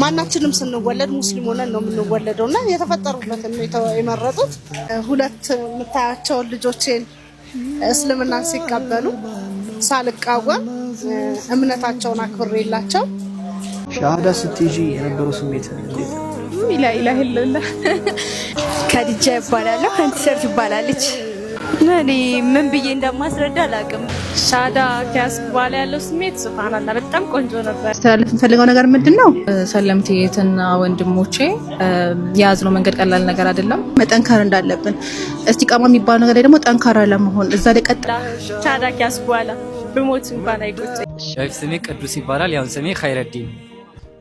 ማናችንም ስንወለድ ሙስሊም ሆነን ነው የምንወለደው እና የተፈጠሩበትን የመረጡት ሁለት የምታያቸውን ልጆቼን እስልምና ሲቀበሉ ሳልቃወም እምነታቸውን አክብሬላቸው ሻሃዳ ስትይዢ የነበረው ስሜት ላኢላህ ኢለላህ ከድጃ ይባላለሁ። ከንቲሰርት ይባላለች እኔ ምን ብዬ እንደማስረዳ አላውቅም። ሻዳ ከያዝኩ በኋላ ያለው ስሜት ሱብሃንአላህ በጣም ቆንጆ ነበር። ስተላለፍ የምፈልገው ነገር ምንድን ነው? ሰለምቴ እህትና ወንድሞቼ የያዝነው መንገድ ቀላል ነገር አይደለም። መጠንከር እንዳለብን እስቲ ቃማ የሚባለው ነገር ላይ ደግሞ ጠንካራ ለመሆን እዛ ላይ ቀጥ ሻዳ ከያዝኩ በኋላ ብሞት እንኳን አይቆጨኝም። ስሜ ቅዱስ ይባላል። ያሁን ስሜ ኸይረዲን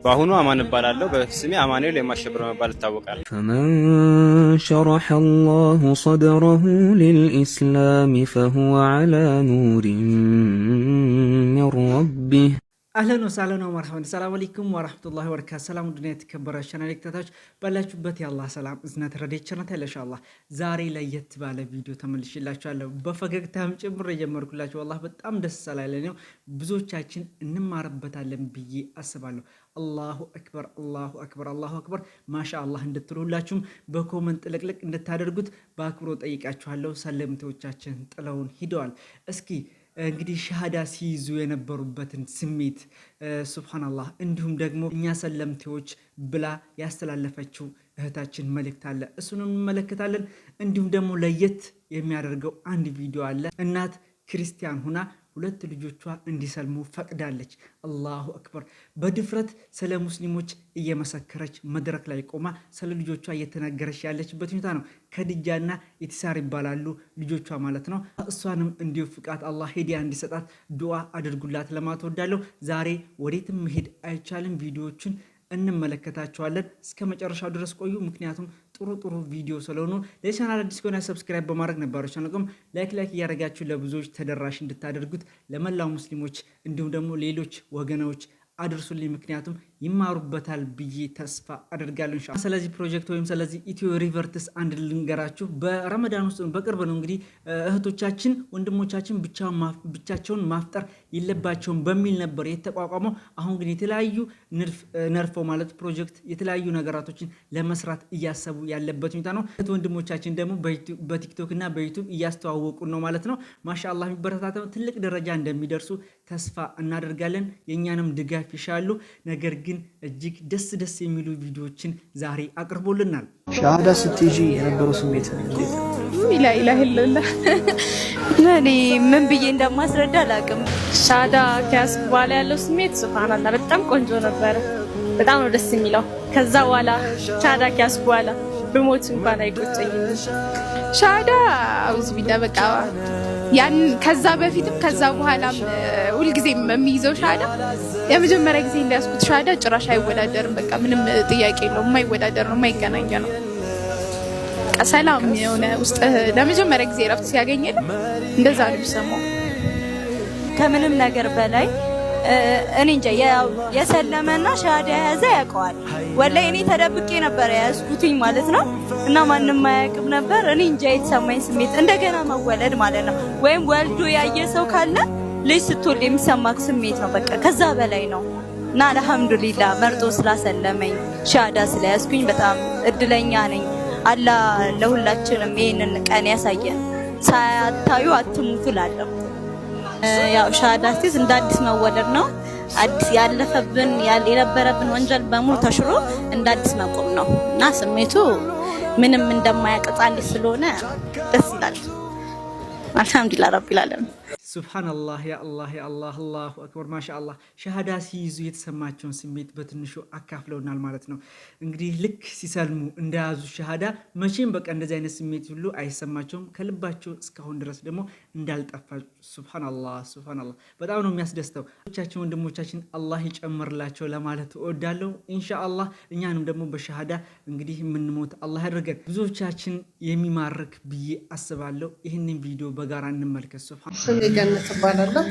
በአሁኑ አማን እባላለሁ። በስሜ አማኑኤል የማሸብር መባል ይታወቃል። ፈመን ሸረሐ አላሁ ሰድረሁ ሊልኢስላም ፈሁወ ዐላ ኑሪን ሚን ረቢህ። አህለን ወሳለን ወመርሐበን። ሰላም አለይኩም ወራህመቱላሂ ወበረካቱ። ሰላም ድና የተከበረ ቻናል ተከታታዮች ባላችሁበት የአላህ ሰላም እዝነት ረዴቸነት ያለሻላ። አይለሻላህ። ዛሬ ለየት ባለ ቪዲዮ ተመልሼላችኋለሁ። በፈገግታም ጭምር የጀመርኩላችሁ ወላሂ በጣም ደስ ስላለኝ ነው። ብዙዎቻችን እንማርበታለን ብዬ አስባለሁ። አላሁ አክበር አላሁ አክበር አላሁ አክበር ማሻ አላህ እንድትሉ ሁላችሁም በኮመንት ጥልቅልቅ እንድታደርጉት በአክብሮ ጠይቃችኋለሁ። ሰለምቴዎቻችን ጥለውን ሂደዋል። እስኪ እንግዲህ ሻሃዳ ሲይዙ የነበሩበትን ስሜት ሱብሃናላህ፣ እንዲሁም ደግሞ እኛ ሰለምቴዎች ብላ ያስተላለፈችው እህታችን መልእክት አለ፣ እሱን እንመለከታለን። እንዲሁም ደግሞ ለየት የሚያደርገው አንድ ቪዲዮ አለ እናት ክርስቲያን ሁና ሁለት ልጆቿ እንዲሰልሙ ፈቅዳለች። አላሁ አክበር። በድፍረት ስለ ሙስሊሞች እየመሰከረች መድረክ ላይ ቆማ ስለ ልጆቿ እየተናገረች ያለችበት ሁኔታ ነው። ከድጃና ኢትሳር ይባላሉ ልጆቿ ማለት ነው። እሷንም ፍቃት አላህ ሂዳያ እንዲሰጣት ዱዓ አድርጉላት ለማለት ዛሬ ወዴትም መሄድ አይቻልም ቪዲዮዎችን እንመለከታቸዋለን። እስከ መጨረሻው ድረስ ቆዩ፣ ምክንያቱም ጥሩ ጥሩ ቪዲዮ ስለሆኑ። ለቻናል አዲስ ከሆነ ሰብስክራይብ በማድረግ ነባሮች ቻናልም ላይክ ላይክ እያደረጋችሁ ለብዙዎች ተደራሽ እንድታደርጉት ለመላው ሙስሊሞች እንዲሁም ደግሞ ሌሎች ወገኖች አድርሱልኝ ምክንያቱም ይማሩበታል ብዬ ተስፋ አደርጋለሁ። ስለዚህ ፕሮጀክት ወይም ስለዚህ ኢትዮ ሪቨርትስ አንድ ልንገራችሁ። በረመዳን ውስጥ በቅርብ ነው እንግዲህ እህቶቻችን ወንድሞቻችን ብቻቸውን ማፍጠር የለባቸውም በሚል ነበር የተቋቋመው። አሁን ግን የተለያዩ ነርፈው ማለት ፕሮጀክት የተለያዩ ነገራቶችን ለመስራት እያሰቡ ያለበት ሁኔታ ነው። እህት ወንድሞቻችን ደግሞ በቲክቶክ እና በዩቱብ እያስተዋወቁ ነው ማለት ነው። ማሻአላህ የሚበረታተው ትልቅ ደረጃ እንደሚደርሱ ተስፋ እናደርጋለን። የእኛንም ድጋፍ ይሻሉ ነገር ግን እጅግ ደስ ደስ የሚሉ ቪዲዮዎችን ዛሬ አቅርቦልናል። ሻሃዳ ስትይዢ የነበረው ስሜት ላይላላ እኔ ምን ብዬ እንደማስረዳ አላውቅም። ሻሃዳ ከያዝኩ በኋላ ያለው ስሜት ሱብሃናላ በጣም ቆንጆ ነበረ። በጣም ነው ደስ የሚለው። ከዛ በኋላ ሻሃዳ ከያዝኩ በኋላ ብሞት እንኳን አይቆጨኝም። ሻሃዳ አውዝ ቢላ በቃ ያን ከዛ በፊትም ከዛ በኋላም ሁልጊዜም የሚይዘው ሻሃዳ የመጀመሪያ ጊዜ እንዳያስኩት ሻዳ ጭራሽ አይወዳደርም። በቃ ምንም ጥያቄ የለውም። የማይወዳደር ነው፣ የማይገናኝ ነው። ሰላም የሆነ ውስጥ ለመጀመሪያ ጊዜ ረፍት ሲያገኝ እንደዛ ነው የሚሰማው። ከምንም ነገር በላይ እኔ እንጃ የሰለመና ሻዳ የያዘ ያውቀዋል። ወላሂ እኔ ተደብቄ ነበር የያዝኩትኝ ማለት ነው እና ማንም አያውቅም ነበር። እኔ እንጃ የተሰማኝ ስሜት እንደገና መወለድ ማለት ነው ወይም ወልዶ ያየ ሰው ካለ ልጅ ስትወልድ የሚሰማክ ስሜት ነው። በቃ ከዛ በላይ ነው እና አልሐምዱሊላ መርጦ ስላሰለመኝ ሻዳ ስለያዝኩኝ በጣም እድለኛ ነኝ። አላ ለሁላችንም ይህንን ቀን ያሳየን። ሳያታዩ አትሙቱ ላለሁ። ያው ሻዳ ሲዝ እንደ አዲስ መወለድ ነው። አዲስ ያለፈብን የነበረብን ወንጀል በሙሉ ተሽሮ እንደ አዲስ መቆም ነው እና ስሜቱ ምንም እንደማያቀጣል ስለሆነ ደስ ይላል። አልሐምዱሊላህ ረቢል ዓለሚን ሱብሃነላህ ያአላህ ያአላህ አላሁ አክበር ማሻአላህ። ሸሃዳ ሲይዙ የተሰማቸውን ስሜት በትንሹ አካፍለውናል ማለት ነው። እንግዲህ ልክ ሲሰልሙ እንደያዙ ሸሃዳ መቼም በቃ እንደዚህ አይነት ስሜት ሁሉ አይሰማቸውም። ከልባቸው እስካሁን ድረስ ደግሞ እንዳልጠፋ ሱብሃነላህ ሱብሃነላህ። በጣም ነው የሚያስደስተው። ቻችን ወንድሞቻችን አላህ ይጨምርላቸው ለማለት እወዳለሁ። ኢንሻአላህ እኛንም ደግሞ በሸሃዳ እንግዲህ የምንሞት አላህ ያደርገን። ብዙዎቻችን የሚማርክ ብዬ አስባለሁ። ይህንን ቪዲዮ በጋራ እንመልከት። ገነት እባላለሁ።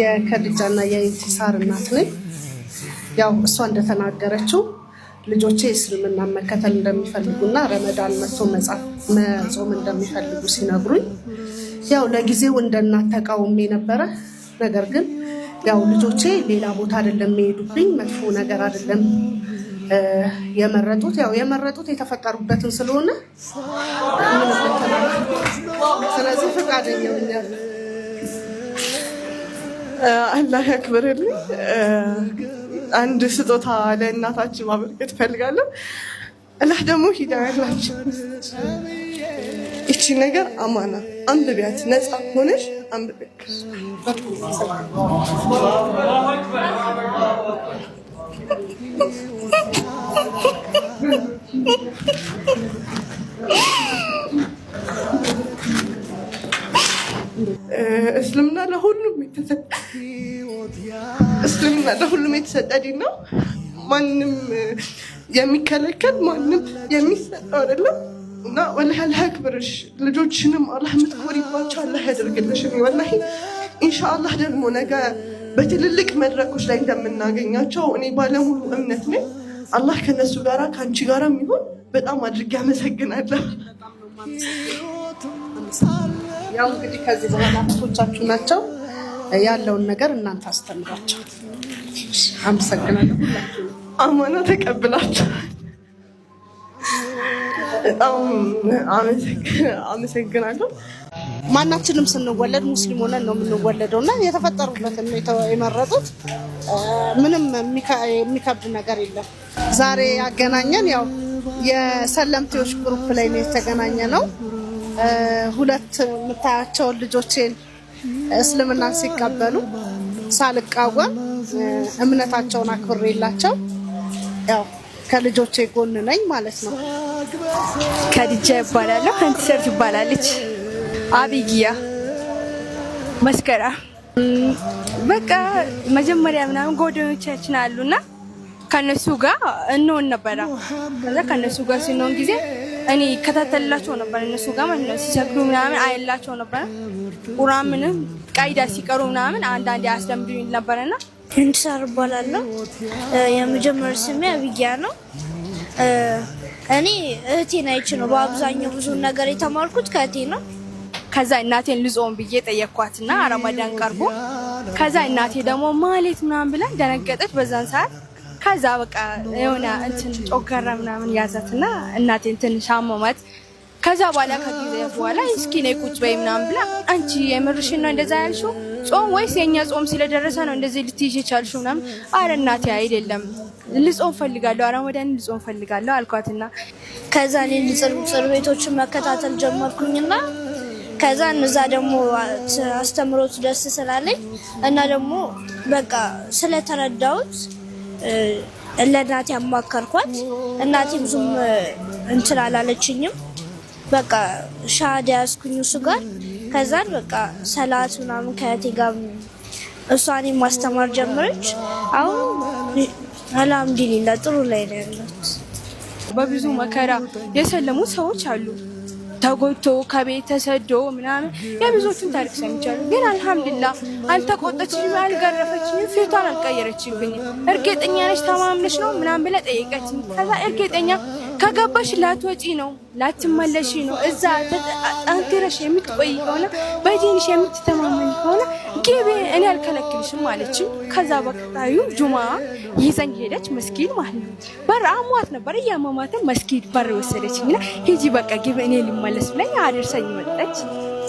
የከድጃና የኢንቲሳር እናት ነኝ። ያው እሷ እንደተናገረችው ልጆቼ እስልምና መከተል እንደሚፈልጉና ረመዳን መጥቶ መጾም እንደሚፈልጉ ሲነግሩኝ ያው ለጊዜው እንደናት ተቃውሜ ነበረ። ነገር ግን ያው ልጆቼ ሌላ ቦታ አይደለም የሚሄዱብኝ፣ መጥፎ ነገር አይደለም የመረጡት። ያው የመረጡት የተፈጠሩበትን ስለሆነ ስለዚህ ፈቃደኛ አላህ ያክብርልኝ። አንድ ስጦታ ለእናታችን ማበርከት እፈልጋለሁ። አላህ ደግሞ ሂዳያ ያላችሁ ይቺ ነገር አማና አንብቢያት፣ ነፃ ሆነሽ አንብቢያት። እስልምና ለሁሉም የተሰጠ እስልምና ለሁሉም የተሰጠ ዲን ነው። ማንም የሚከለከል ማንም የሚሰጠው አይደለም እና ወላሂ አላህ ያክብርሽ። ልጆችንም አላህ የምትኮሪባቸው አላህ ያደርግልሽ። ወላሂ ኢንሻአላህ ደግሞ ነገ በትልልቅ መድረኮች ላይ እንደምናገኛቸው እኔ ባለሙሉ እምነት ነኝ። አላህ ከነሱ ጋራ ከአንቺ ጋራ የሚሆን በጣም አድርጌ አመሰግናለሁ። ያው እንግዲህ ከዚህ በኋላ አቶቻችሁ ናቸው ያለውን ነገር እናንተ አስተምሯቸው። አመሰግናለሁ። አማና ተቀብላችሁ በጣም አመሰግናለሁ። ማናችንም ስንወለድ ሙስሊም ሆነን ነው የምንወለደው እና የተፈጠሩበትን የመረጡት ምንም የሚከብድ ነገር የለም። ዛሬ ያገናኘን ያው የሰለምቴዎች ግሩፕ ላይ ነው የተገናኘ ነው። ሁለት የምታያቸውን ልጆቼን እስልምናን ሲቀበሉ ሳልቃወም እምነታቸውን አክብሬላቸው ያው ከልጆቼ ጎን ነኝ ማለት ነው። ከድጃ ይባላለሁ። ከንቲሰር ትባላለች። አብይያ መስከራ በቃ መጀመሪያ ምናምን ጓደኞቻችን አሉና ከነሱ ጋር እንሆን ነበረ። ከዛ ከነሱ ጋር ሲንሆን ጊዜ እኔ ይከታተልላቸው ነበር እነሱ ጋር ማለት ነው። ሲሰግዱ ምናምን አየላቸው ነበር። ቁርአን ምንም ቀይዳ ሲቀሩ ምናምን አንዳንዴ አስደምዱኝ ነበርና እንድሳር እባላለሁ። የመጀመሪያ ስሜ አብያ ነው። እኔ እህቴን አይቼ ነው በአብዛኛው ብዙ ነገር የተማርኩት ከእህቴ ነው። ከዛ እናቴን ልጾም ብዬ ጠየኳትና ረመዳን ቀርቦ ከዛ እናቴ ደግሞ ማለት ምናምን ብላ ደነገጠች በዛን ሰዓት ከዛ በቃ የሆነ እንትን ጮገራ ምናምን ያዛት እና እናቴን ትንሽ አሟሟት። ከዛ በኋላ ከጊዜ በኋላ እስኪ ነይ ቁጭ በይ ምናምን ብላ አንቺ የምርሽን ነው እንደዛ ያልሽው ጾም ወይስ የእኛ ጾም ስለደረሰ ነው እንደዚህ ልትይሽ የቻልሽው ምናምን? አረ እናቴ አይደለም ልጾም ፈልጋለሁ፣ ረመዳን ልጾም ፈልጋለሁ አልኳትና ከዛ እኔ ጸሎት ቤቶችን መከታተል ጀመርኩኝና ከዛ እነዛ ደግሞ አስተምሮት ደስ ስላለኝ እና ደግሞ በቃ ስለተረዳሁት ለእናቴ አማከርኳት። እናቴ ዙም እንትን አላለችኝም። በቃ ሻሃዳ ያዝኩኝ እሱ ጋር። ከዛን በቃ ሰላት ምናምን ከእህቴ ጋር እሷ እኔን ማስተማር ጀመረች። አሁን አልሐምዱሊላ ጥሩ ላይ ነው ያለት። በብዙ መከራ የሰለሙ ሰዎች አሉ። ተጎድቶ ከቤት ተሰዶ ምናምን የብዙዎቹን ታሪክ ሰምቻለሁ። ግን አልሐምድላ አልተቆጠችኝም፣ አልገረፈችኝም፣ ፊቷን አልቀየረችብኝ። እርግጠኛ ነች ተማምነች ነው ምናምን ብለ ጠየቀችኝ። ከዛ እርግጠኛ ከገባሽ ላትወጪ ነው ላትመለሽ ነው እዛ ጠንክረሽ የምትቆይ ከሆነ በዲንሽ የምትተማመኝ ከሆነ ጌቤ እኔ አልከለክልሽም አለችኝ። ከዛ በቀጣዩ ጁማ ይዘኝ ሄደች መስጊድ ማለት ነው። በር አሟት ነበር እያመማት መስጊድ በር ወሰደችኝና ሂጂ በቃ ጌቤ እኔ ልመለስ ብለኝ አደርሰኝ መጠች።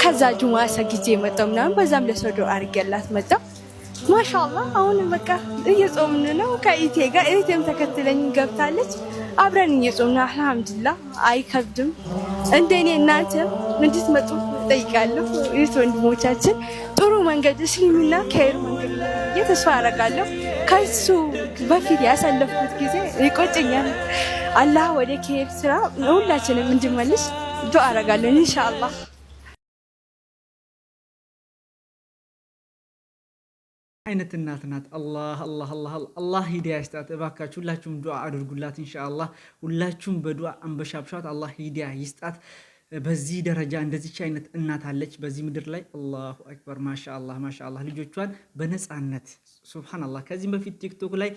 ከዛ ጁማ ሰግጄ መጣሁ ምናምን በዛም ለሰዶ አድርጌላት መጣሁ። ማሻላ አሁን በቃ እየጾምን ነው ከኢቴ ጋር ኢቴም ተከትለኝ ገብታለች። አብረን እየጾምን አልሐምዱላ አይከብድም። እንደኔ እናንተ መጡ? ጠይቃለሁ። ይህ ወንድሞቻችን ጥሩ መንገድ እስልምና ከሄዱ መንገድ ተስፋ አረጋለሁ። ከሱ በፊት ያሳለፍኩት ጊዜ ይቆጭኛል። አላህ ወደ ከሄድ ስራ ሁላችንም እንድመልስ ዱ አረጋለሁ ኢንሻአላህ። አይነት እናት ናት። አላህ አላህ አላህ አላህ ሂዳያ ይስጣት። እባካችሁ ሁላችሁም ዱዓ አድርጉላት። ኢንሻአላህ ሁላችሁም በዱዓ አንበሻብሻት። አላህ ሂዳያ ይስጣት። በዚህ ደረጃ እንደዚች አይነት እናት አለች በዚህ ምድር ላይ። አላሁ አክበር ማሻአላህ ማሻአላህ። ልጆቿን በነፃነት ሱብሃነላህ። ከዚህም በፊት ቲክቶክ ላይ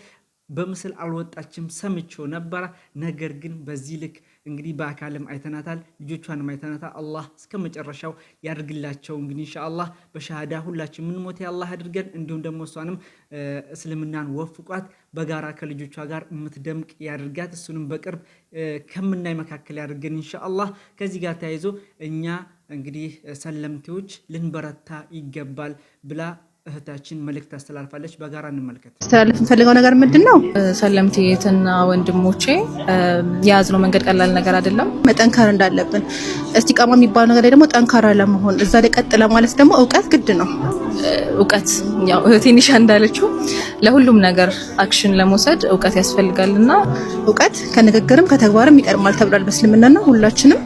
በምስል አልወጣችም ሰምቼው ነበረ። ነገር ግን በዚህ ልክ እንግዲህ በአካልም አይተናታል፣ ልጆቿንም አይተናታል። አላህ እስከ መጨረሻው ያድርግላቸው። እንግዲህ ኢንሻአላህ በሻሃዳ ሁላችን ምንሞት ሞት አድርገን፣ እንዲሁም ደግሞ እሷንም እስልምናን ወፍቋት በጋራ ከልጆቿ ጋር የምትደምቅ ያድርጋት። እሱንም በቅርብ ከምናይ መካከል ያድርገን እንሻአላህ። ከዚህ ጋር ተያይዞ እኛ እንግዲህ ሰለምቴዎች ልንበረታ ይገባል ብላ እህታችን መልእክት አስተላልፋለች። በጋራ እንመልከት። አስተላልፍ የምፈልገው ነገር ምንድን ነው? የትና ወንድሞቼ የያዝነው መንገድ ቀላል ነገር አይደለም። መጠንከር እንዳለብን እስቲቃማ የሚባለው ነገር ላይ ደግሞ ጠንካራ ለመሆን እዛ ላይ ቀጥ ለማለት ደግሞ እውቀት ግድ ነው። እውቀት ያው ትንሽ እንዳለችው ለሁሉም ነገር አክሽን ለመውሰድ እውቀት ያስፈልጋል እና እውቀት ከንግግርም ከተግባርም ይቀድማል ተብሏል በእስልምናና ሁላችንም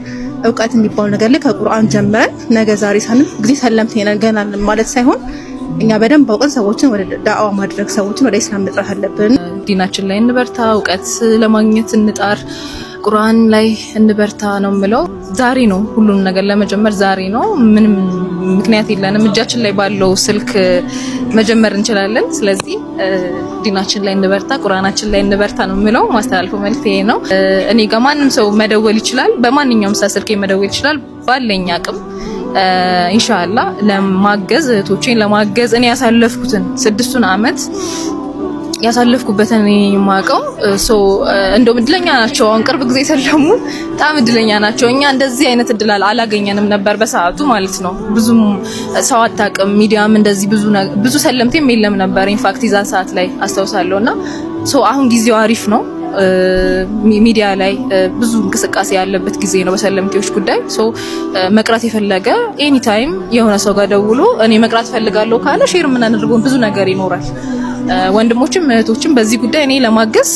እውቀት የሚባለው ነገር ላይ ከቁርአን ጀምረን ነገ ዛሬ ሳንም ጊዜ ሰለምቴ ገና ማለት ሳይሆን እኛ በደንብ አውቀን ሰዎችን ወደ ዳዋ ማድረግ ሰዎችን ወደ ኢስላም መጥራት አለብን። ዲናችን ላይ እንበርታ፣ እውቀት ለማግኘት እንጣር፣ ቁርአን ላይ እንበርታ ነው የምለው። ዛሬ ነው ሁሉን ነገር ለመጀመር ዛሬ ነው። ምንም ምክንያት የለንም። እጃችን ላይ ባለው ስልክ መጀመር እንችላለን። ስለዚህ ዲናችን ላይ እንበርታ፣ ቁርአናችን ላይ እንበርታ ነው የምለው። ማስተላልፈው መልእክት ይሄ ነው። እኔ ጋር ማንም ሰው መደወል ይችላል። በማንኛውም ሰዓት ስልኬ መደወል ይችላል ባለኝ አቅም ኢንሻአላ ለማገዝ እህቶቼን ለማገዝ እኔ ያሳለፍኩትን ስድስቱን አመት ያሳለፍኩበትን የማውቀው ሶ እንደውም እድለኛ ናቸው። አሁን ቅርብ ጊዜ የሰለሙ በጣም እድለኛ ናቸው። እኛ እንደዚህ አይነት እድላል አላገኘንም ነበር በሰዓቱ ማለት ነው። ብዙም ሰው አታውቅም። ሚዲያም እንደዚህ ብዙ ብዙ ሰለምቴም የለም ነበር ኢንፋክት ይዛ ሰዓት ላይ አስታውሳለሁና ሶ አሁን ጊዜው አሪፍ ነው። ሚዲያ ላይ ብዙ እንቅስቃሴ ያለበት ጊዜ ነው በሰለምቴዎች ጉዳይ። ሶ መቅረት የፈለገ ኤኒ ታይም የሆነ ሰው ጋር ደውሎ እኔ መቅራት ፈልጋለሁ ካለ ሼር የምናደርገው ብዙ ነገር ይኖራል። ወንድሞችም እህቶችም በዚህ ጉዳይ እኔ ለማገዝ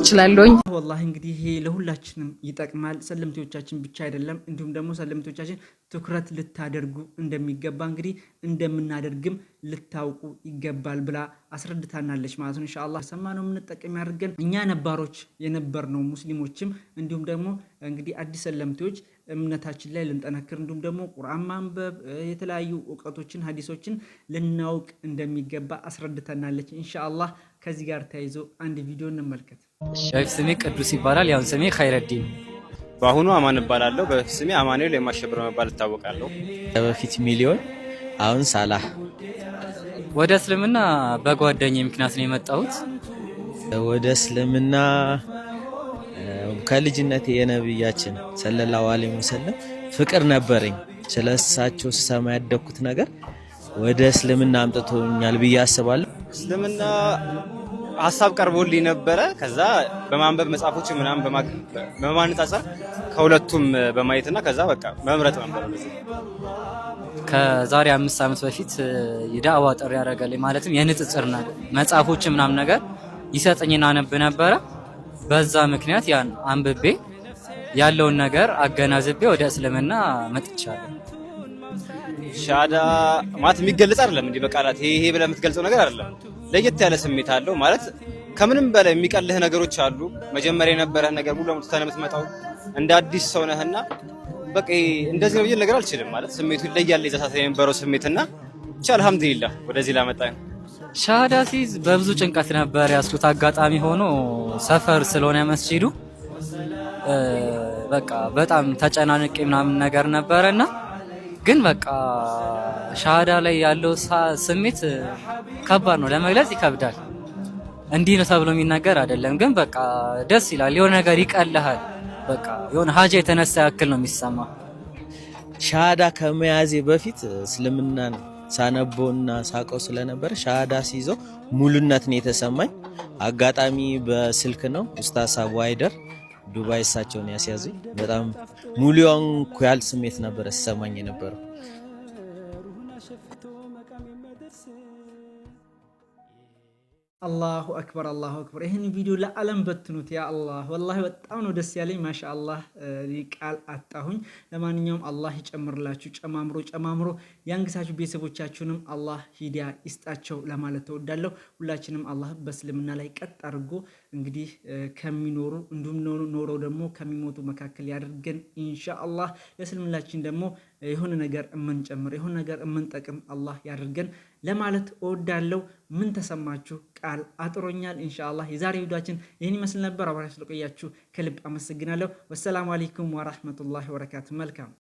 እችላለሁኝ። ወላሂ እንግዲህ ይሄ ለሁላችንም ይጠቅማል። ሰለምቴዎቻችን ብቻ አይደለም፣ እንዲሁም ደግሞ ሰለምቴዎቻችን ትኩረት ልታደርጉ እንደሚገባ እንግዲህ እንደምናደርግም ልታውቁ ይገባል ብላ አስረድታናለች ማለት ነው። ኢንሻአላህ ሰማነው የምንጠቀም ያደርገን እኛ ነባሮች የነበርነው ሙስሊሞችም እንዲሁም ደግሞ እንግዲህ አዲስ ሰለምቴዎች እምነታችን ላይ ልንጠነክር እንዲሁም ደግሞ ቁርአን ማንበብ የተለያዩ እውቀቶችን ሀዲሶችን ልናውቅ እንደሚገባ አስረድተናለች ኢንሻአላህ ከዚህ ጋር ተያይዞ አንድ ቪዲዮ እንመልከት። በፊት ስሜ ቅዱስ ይባላል፣ ያሁን ስሜ ኸይረዲን፣ በአሁኑ አማን እባላለሁ። በፊት ስሜ አማኑኤል የማሸብር መባል እታወቃለሁ። በፊት ሚሊዮን፣ አሁን ሳላህ። ወደ እስልምና በጓደኝ ምክንያት ነው የመጣሁት። ወደ እስልምና ከልጅነት የነብያችን ሰለላሁ ዐለይሂ ወሰለም ፍቅር ነበረኝ። ስለ እሳቸው ስሰማ ያደግኩት ነገር ወደ እስልምና አምጥቶኛል ብዬ አስባለሁ። እስልምና ሀሳብ ቀርቦልኝ ነበረ። ከዛ በማንበብ መጽሐፎች ምናምን በማነጻጸር ከሁለቱም በማየትና ከዛ በቃ መምረጥ ነበር። ከዛሬ አምስት ዓመት በፊት የዳዕዋ ጥሪ ያደረገልኝ ማለትም የንጽጽር ነገር መጽሐፎች ምናምን ነገር ይሰጠኝና አነብ ነበረ። በዛ ምክንያት ያን አንብቤ ያለውን ነገር አገናዝቤ ወደ እስልምና መጥቻለሁ። ሻዳ ማለት የሚገለጽ አይደለም እንዲህ በቃላት ይሄ ብለህ የምትገልጸው ነገር አይደለም ለየት ያለ ስሜት አለው ማለት ከምንም በላይ የሚቀልህ ነገሮች አሉ። መጀመሪያ የነበረህ ነገር ሙሉ ለሙሉ ትተህ ነው የምትመጣው እንደ አዲስ ሰው ነህና በቃ እንደዚህ ነው ብዬ ነገር አልችልም። ማለት ስሜቱ ይለያል። የዛሳት የነበረው ስሜትና ብቻ አልሐምዱሊላህ ወደዚህ ላመጣ ሻሃዳ ሲይዝ በብዙ ጭንቀት ነበር ያስኩት። አጋጣሚ ሆኖ ሰፈር ስለሆነ መስጂዱ በቃ በጣም ተጨናንቄ ምናምን ነገር ነበረና ግን በቃ ሻሃዳ ላይ ያለው ስሜት ከባድ ነው፣ ለመግለጽ ይከብዳል። እንዲህ ነው ተብሎ የሚናገር አይደለም፣ ግን በቃ ደስ ይላል። የሆነ ነገር ይቀልሃል። በቃ የሆነ ሀጃ የተነሳ ያክል ነው የሚሰማ። ሻሃዳ ከመያዜ በፊት እስልምና ሳነበውና ሳቀው ስለነበረ ሻሃዳ ሲይዘው ሙሉነት ነው የተሰማኝ። አጋጣሚ በስልክ ነው ኡስታዝ አቡ አይደር ዱባይ እሳቸውን ያስያዙኝ። በጣም ሙሉ የሆንኩ ስሜት ነበር ሲሰማኝ የነበረው። አላሁ አክበር አላሁ አክበር። ይህን ቪዲዮ ለዓለም በትኑት። ያ አላህ ወላሂ በጣም ነው ደስ ያለኝ። ማሻ አላህ ቃል አጣሁኝ። ለማንኛውም አላህ ይጨምርላችሁ፣ ጨማምሮ ጨማምሮ ያንግሳችሁ። ቤተሰቦቻችሁንም አላህ ሂዳያ ይስጣቸው ለማለት ተወዳለሁ። ሁላችንም አላህ በእስልምና ላይ ቀጥ አድርጎ እንግዲህ ከሚኖሩ እንዲሁም ኖረው ደግሞ ከሚሞቱ መካከል ያደርገን ኢንሻ አላህ። ለእስልምናችን ደግሞ የሆነ ነገር የምንጨምር የሆነ ነገር የምንጠቅም አላህ ያደርገን። ለማለት እወዳለሁ። ምን ተሰማችሁ? ቃል አጥሮኛል። ኢንሻአላህ የዛሬ ቪዲዮአችን ይህን ይመስል ነበር። አብራችሁ ስለቆያችሁ ከልብ አመሰግናለሁ። ወሰላሙ አለይኩም ወራህመቱላሂ ወበረካቱ። መልካም